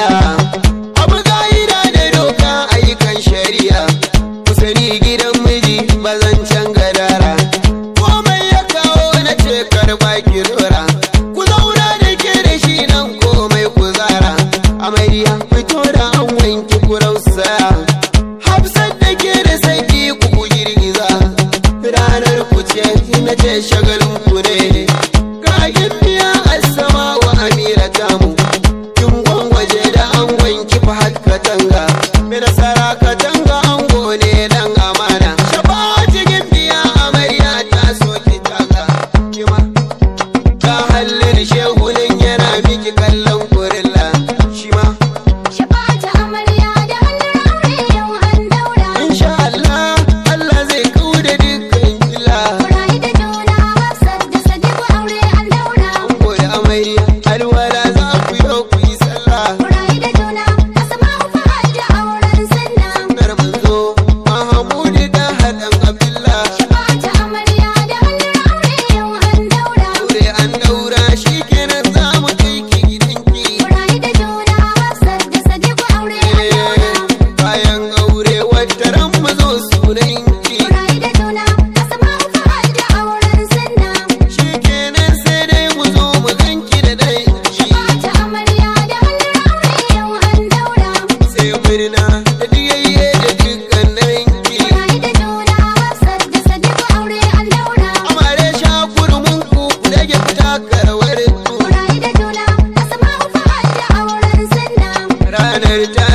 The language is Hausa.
shari'a abu ga'ida da doka ayyukan shari'a ku sani gidan miji bazancan gadara komai ya kawo na ce karɓa ki ku zauna da ke da shi nan komai ku zara amarya fito da an wanki ku rausa hafsat da ke da sanki ku girgiza ranar ku ce na ce shagal Mary